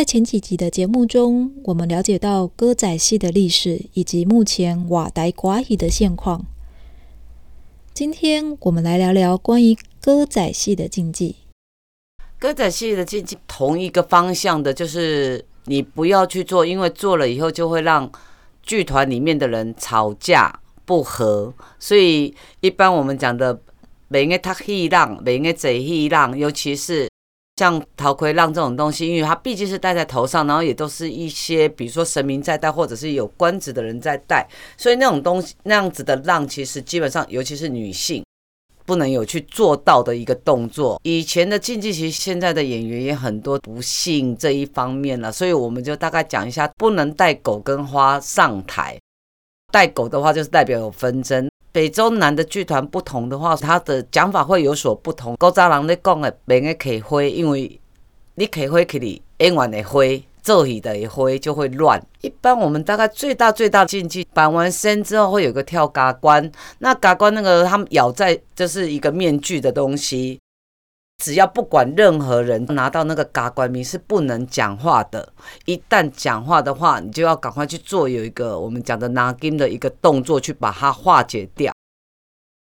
在前幾集的節目中，我們了解到歌仔戲的歷史以及目前外台歌仔的現況。今天我們來聊聊關於歌仔戲的禁忌。歌仔戲的禁忌，同一個方向的，就是你不要去做，因為做了以後就會讓劇團裡面的人吵架不和。所以一般我們講的，沒用的他戲人，沒用的做戲人，尤其是。像頭盔浪這種東西，因為它畢竟是戴在頭上，然後也都是一些比如說神明在戴，或者是有官職的人在戴，所以那種東西那樣子的浪，其實基本上尤其是女性不能有去做到的一個動作。以前的禁忌，其實現在的演員也很多不信這一方面了，所以我們就大概講一下，不能帶狗跟花上台。帶狗的話，就是代表有紛爭。北中南的劇團不同的話，他的講法會有所不同。高扎郎在講的，別個可以灰，因為你可以灰去你演員的灰，座椅的灰就會亂。一般我們大概最大最大的禁忌，綁完身之後會有一個跳加官，那加官那個他們咬在，就是一個面具的東西。只要不管任何人拿到那個加官面是不能講話的，一旦講話的話，你就要趕快去做有一個我們講的拿金的一個動作去把它化解掉。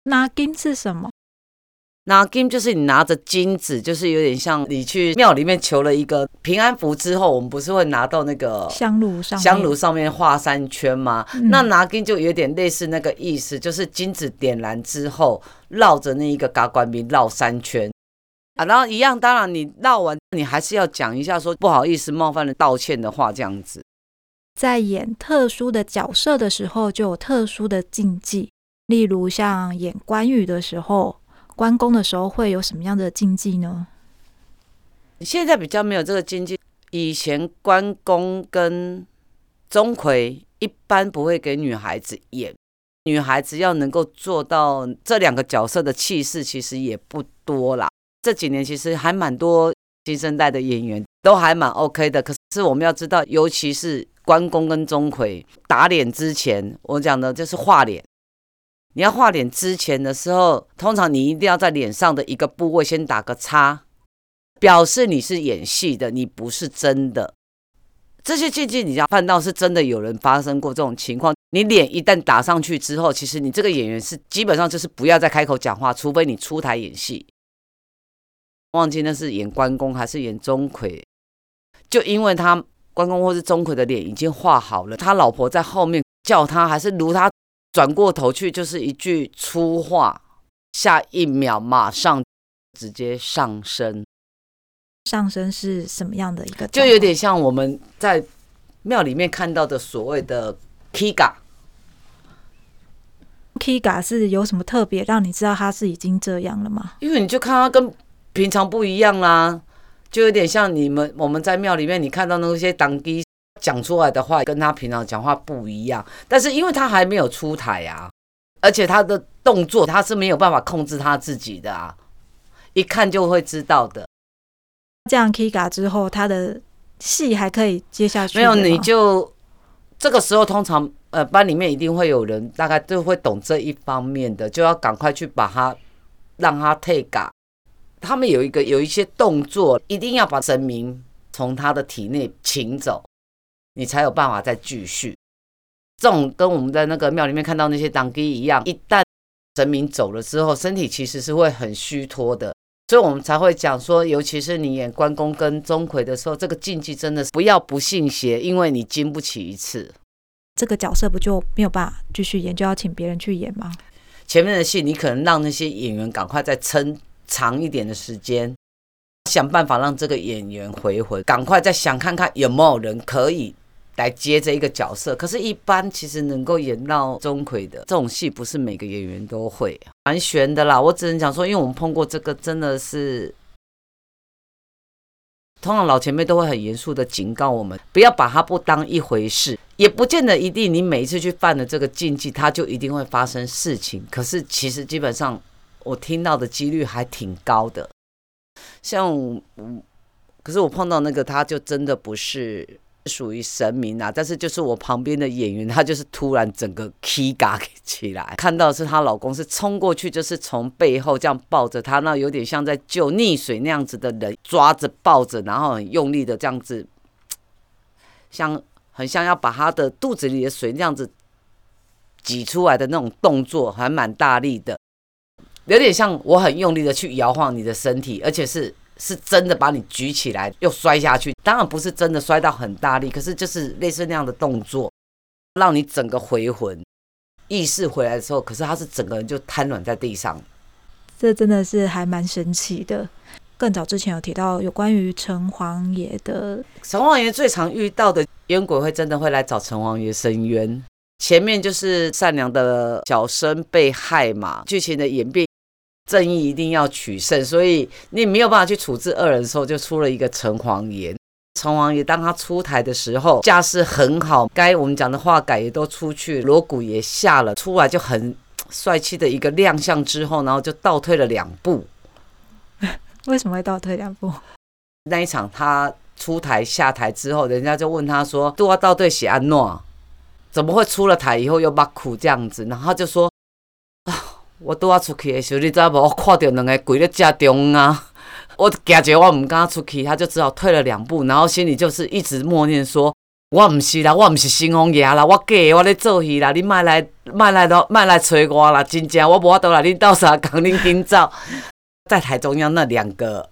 拿金是什麼？拿金就是你拿着金子，就是有點像你去廟裡面求了一個平安符之後，我們不是會拿到那個香爐上香爐上面畫三圈嗎？嗯、那拿金就有點類似那個意思，就是金子點燃之後繞着那一個加官面繞三圈。啊，然後一樣，當然你鬧完，你還是要講一下說不好意思冒犯了道歉的話，這樣子。在演特殊的角色的時候，就有特殊的禁忌，例如像演關羽的時候，關公的時候會有什麼樣的禁忌呢？現在比較沒有這個禁忌，以前關公跟鍾馗一般不會給女孩子演，女孩子要能夠做到這兩個角色的氣勢，其實也不多啦。這幾年其實還蠻多新生代的演員都還蠻 OK 的，可是我們要知道，尤其是關公跟鍾馗打臉之前，我講的就是畫臉。你要畫臉之前的時候，通常你一定要在臉上的一個部位先打個叉，表示你是演戲的，你不是真的。這些禁忌你要看到是真的，有人發生過這種情況。你臉一旦打上去之後，其實你這個演員是基本上就是不要再開口講話，除非你出台演戲。忘記那是演關公還是演鍾馗，就因為他關公或是鍾馗的臉已經畫好了，他老婆在後面叫他還是如他轉過頭去，就是一句粗話，下一秒馬上直接上身，上身是什麼樣的一個？就有點像我們在廟裡面看到的所謂的 Kiga，Kiga 是有什麼特別讓你知道他是已經這樣了嗎？因為你就看他跟。平常不一樣啦，啊，就有點像你們我們在廟裡面，你看到那些當地講出來的話，跟他平常講話不一樣。但是因為他還沒有出台啊，而且他的動作他是沒有辦法控制他自己的啊，一看就會知道的。這樣退咖之後，他的戲還可以接下去。沒有你就這個時候，通常呃班裡面一定會有人，大概都會懂這一方面的，就要趕快去把他讓他退咖。Ga, 他們有一個有一些動作，一定要把神明從他的體內請走，你才有辦法再繼續。這種跟我們在那個廟裡面看到那些童乩一樣，一旦神明走了之後，身體其實是會很虛脫的。所以，我們才會講說，尤其是你演關公跟鍾馗的時候，這個禁忌真的是不要不信邪，因為你經不起一次，這個角色不就沒有辦法繼續演，就要請別人去演嗎？前面的戲你可能讓那些演員趕快再撐。長一點的時間，想辦法讓這個演員回魂，趕快再想看看有沒有人可以來接這一個角色。可是，一般其實能夠演到鍾馗的這種戲，不是每個演員都會，蠻懸的啦。我只能講說，因為我們碰過這個，真的是，通常老前輩都會很嚴肅的警告我們，不要把它不當一回事，也不見得一定你每一次去犯了這個禁忌，它就一定會發生事情。可是，其實基本上。我聽到的幾率還挺高的，像我，可是我碰到那個他就真的不是屬於神明啊，但是就是我旁邊的演員，他就是突然整個起乩起來，看到是她老公是衝過去，就是從背後這樣抱着他，那有點像在救溺水那樣子的人抓着抱着，然後很用力的這樣子，像很像要把他的肚子裡的水那樣子擠出來的那種動作，還蠻大力的。有點像我很用力的去搖晃你的身體，而且是是真的把你舉起來又摔下去。當然不是真的摔到很大力，可是就是類似那樣的動作，讓你整個回魂意識回來的時候，可是他是整個人就癱軟在地上。這真的是還蠻神奇的。更早之前有提到有關於城隍爺的，城隍爺最常遇到的冤鬼會真的會來找城隍爺伸冤。前面就是善良的小生被害嘛，劇情的演變。正義一定要取勝，所以你沒有辦法去處置惡人的時候，就出了一個城隍爺。城隍爺當他出台的時候，架勢很好，該我們講的話改也都出去，鑼鼓也下了，出來就很帥氣的一個亮相之後，然後就倒退了兩步。為什麼會倒退兩步？那一場他出台下台之後，人家就問他說：“杜阿道對喜安諾，怎麼會出了台以後又罵苦這樣子？”然後他就說。我拄啊出去的時候，你知無？我看到兩個鬼在家中啊！我驚着，我毋敢出去。他就只好退了兩步，然後心裡就是一直默念說：“我毋是啦，我毋是新王爺啦，我假，我咧做戲啦，你莫來，莫來都，莫來，來找我啦！真正我無法度來，你鬥相共恁緊走” 在台中央，那兩個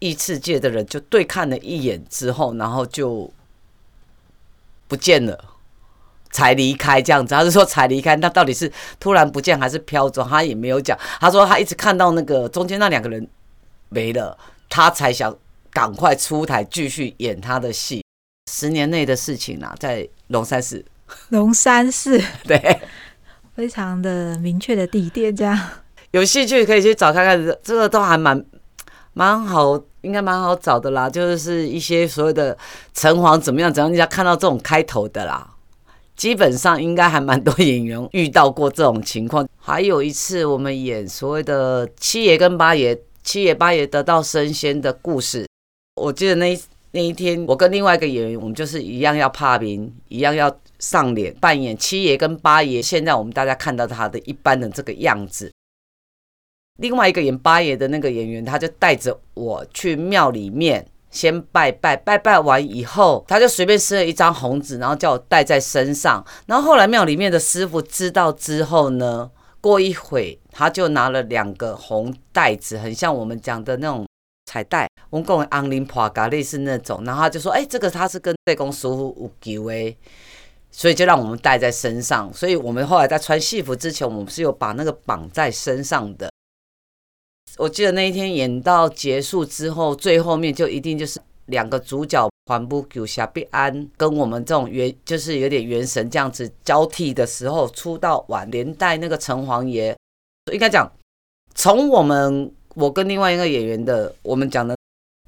異世界的人就對看了一眼之後，然後就不見了。才離開這樣子，他是說才離開，那到底是突然不見還是飄走？他也沒有講。他說他一直看到那個中間那兩個人沒了，他才想趕快出台繼續演他的戲。十年內的事情啦、啊，在龍山寺，龍山寺，對，非常的明確的地點這樣。有興趣可以去找看看，這個都還蠻蠻好，應該蠻好找的啦。就是一些所謂的城隍怎麼樣，怎樣人家看到這種開頭的啦。基本上應該還蠻多演員遇到過這種情況。還有一次，我們演所謂的七爺跟八爺，七爺八爺得道升仙的故事。我記得那一那一天，我跟另外一個演員，我們就是一樣要怕冰，一樣要上臉扮演七爺跟八爺。現在我們大家看到他的一般的這個樣子。另外一個演八爺的那個演員，他就帶着我去廟裡面。先拜拜，拜拜完以後，他就隨便撕了一張紅紙，然後叫我帶在身上。然後後來廟裡面的師傅知道之後呢，過一會他就拿了兩個紅袋子，很像我們講的那種彩帶，我貢安林帕嘎類似那種。然後他就說：“哎，這個他是跟內公師傅有緣，所以就讓我們帶在身上。”所以我們後來在穿戲服之前，我們是有把那個綁在身上的。我記得那一天演到結束之後，最後面就一定就是兩個主角范無救、謝必安跟我們這種原就是有點元神這樣子交替的時候，出到晚連帶那個城隍爺，應該講從我們我跟另外一個演員的我們講的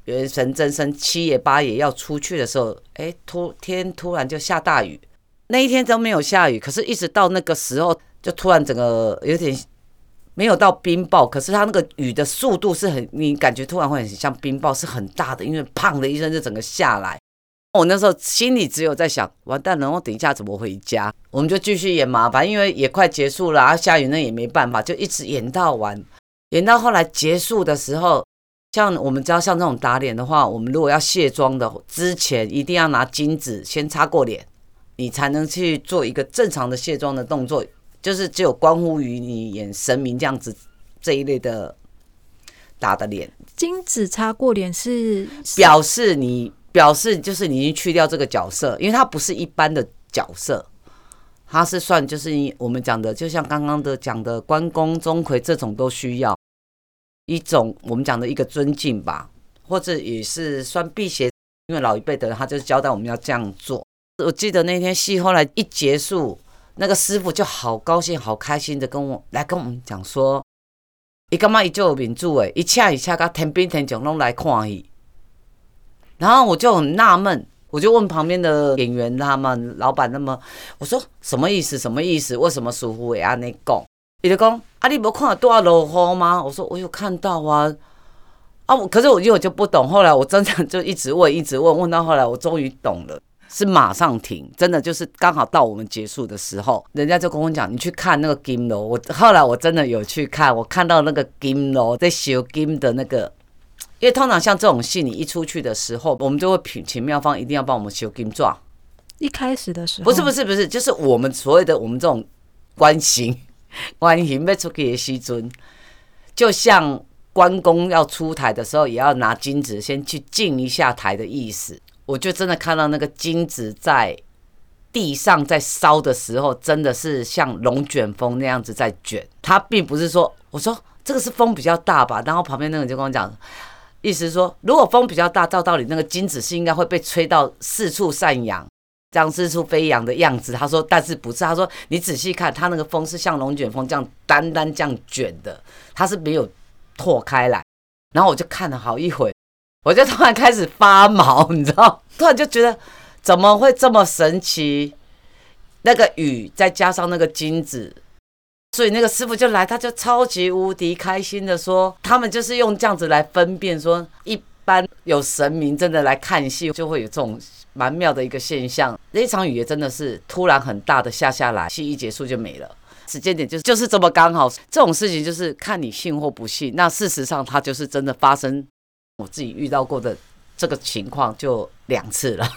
元神真身七爺八爺要出去的時候，哎突天突然就下大雨，那一天都沒有下雨，可是一直到那個時候就突然整個有點。沒有到冰雹，可是它那個雨的速度是很，你感覺突然會很像冰雹，是很大的，因為“砰”的一聲就整個下來。我那時候心裡只有在想，完蛋了，我等一下怎麼回家？我們就繼續演麻煩，因為也快結束了，然後、啊、下雨那也沒辦法，就一直演到完，演到後來結束的時候，像我們知道像這種打臉的話，我們如果要卸妝的之前，一定要拿金紙先擦過臉，你才能去做一個正常的卸妝的動作。就是只有關乎於你演神明這樣子這一類的打的臉，金紙擦過臉是表示你，表示就是你已經去掉這個角色，因為它不是一般的角色，它是算就是你、我們講的，就像剛剛的講的關公鍾馗這種都需要一種我們講的一個尊敬吧，或者也是算辟邪，因為老一輩的人他就交代我們要這樣做。我記得那天戲後來一結束。那個師傅就好高興、好開心的跟我來跟我們講說，伊干嘛伊做民住誒，一請一請，甲天兵天將攏來看伊。然後我就很納悶，我就問旁邊的演員他們老闆，那麼我說什麼意思？什麼意思？為什麼師傅會安尼講？伊就講啊，你無看到多少落雨嗎？我說我有看到啊，啊，可是我我就不懂。後來我真的就一直問，一直問，問到後來我終於懂了。是馬上停，真的就是剛好到我們結束的時候，人家就跟我講，你去看那個金樓。我後來我真的有去看，我看到那個金樓在修金的那個，因為通常像這種戲，你一出去的時候，我們就會請廟方一定要幫我們修金妝。一開始的時候，不是不是不是，就是我們所謂的我們這種關係關係，沒出去西尊，就像關公要出台的時候，也要拿金紙先去敬一下台的意思。我就真的看到那個金子在地上在燒的時候，真的是像龍捲風那樣子在捲。他並不是說，我說這個是風比較大吧？然後旁邊那個人就跟我講，意思說，如果風比較大，照道理那個金子是應該會被吹到四處散揚，這樣四處飛揚的樣子。他說，但是不是？他說你仔細看，他那個風是像龍捲風這樣單單這樣捲的，它是沒有拓開來。然後我就看了好一會兒。我就突然開始發毛，你知道？突然就覺得怎麼會這麼神奇？那個雨再加上那個金紙，所以那個師傅就來，他就超級無敵開心地說：“他們就是用這樣子來分辨說，說一般有神明真的來看戲，就會有這種蠻妙的一個現象。那一場雨也真的是突然很大的下下來，戲一結束就沒了。時間點就是就是這麼剛好，這種事情就是看你信或不信。那事實上，它就是真的發生。”我自己遇到過的這個情況就兩次了。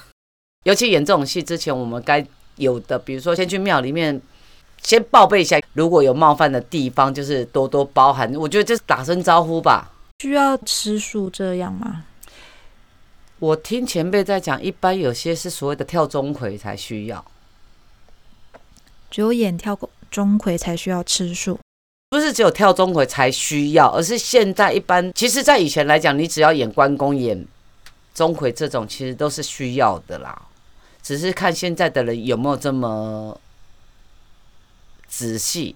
尤其演這種戲之前，我們該有的，比如說先去廟裡面先報備一下，如果有冒犯的地方，就是多多包涵。我覺得就是打聲招呼吧。需要吃素這樣嗎？我聽前輩在講，一般有些是所謂的跳鍾馗才需要，只有演跳鍾馗才需要吃素。不是只有跳鍾馗才需要，而是現在一般，其實，在以前來講，你只要演關公演、演鍾馗這種，其實都是需要的啦。只是看現在的人有沒有這麼仔細。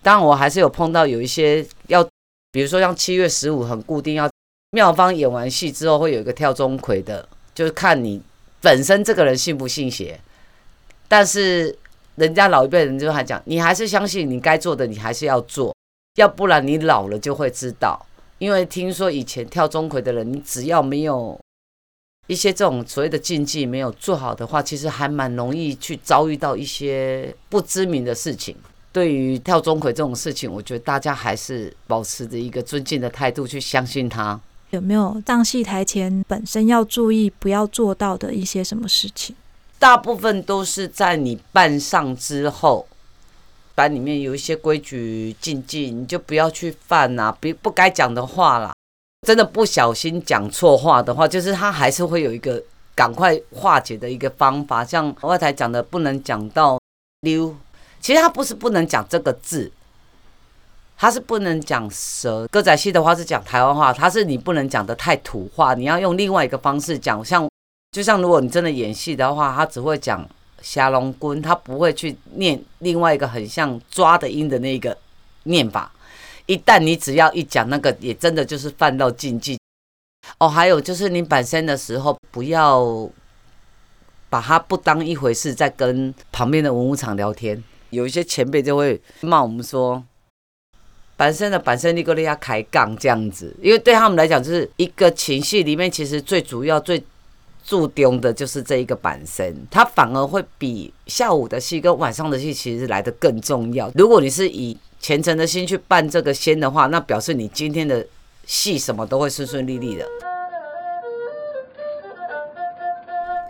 當然，我還是有碰到有一些要，比如說像七月十五很固定要，要廟方演完戲之後會有一個跳鍾馗的，就是看你本身這個人信不信邪。但是。人家老一輩人就會講，你還是相信你該做的，你還是要做，要不然你老了就會知道。因為聽說以前跳鍾馗的人，你只要沒有一些這種所謂的禁忌沒有做好的話，其實還蠻容易去遭遇到一些不知名的事情。對於跳鍾馗這種事情，我覺得大家還是保持着一個尊敬的態度去相信他。有沒有上戲台前本身要注意不要做到的一些什麼事情？大部分都是在你班上之後，班裡面有一些規矩禁忌，你就不要去犯啊，不不該講的話了。真的不小心講錯話的話，就是他還是會有一個趕快化解的一個方法。像外台講的，不能講到溜，其實他不是不能講這個字，他是不能講蛇。歌仔戲的話是講台灣話，他是你不能講得太土話，你要用另外一個方式講，像。就像如果你真的演戲的話，他只會講“降龍棍”，他不會去念另外一個很像抓的音的那個念法。一旦你只要一講那個，也真的就是犯到禁忌。哦，還有就是你本身的時候，不要把它不當一回事，在跟旁邊的文武場聊天，有一些前輩就會罵我們說：“本身的本身，你過利亞開槓這樣子。”因為對他們來講，就是一個情緒裡面其實最主要最。注定的就是這一個扮仙，它反而會比下午的戲跟晚上的戲其實來得更重要。如果你是以虔誠的心去扮這個仙的話，那表示你今天的戲什麼都會順順利利的。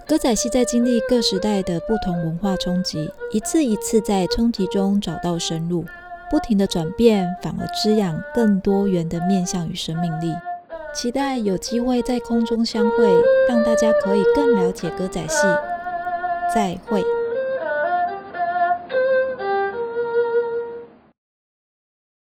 歌仔戲在經歷各時代的不同文化衝擊，一次一次在衝擊中找到生路，不停的轉變，反而滋養更多元的面向與生命力。期待有機會在空中相會，讓大家可以更了解歌仔戲。再會。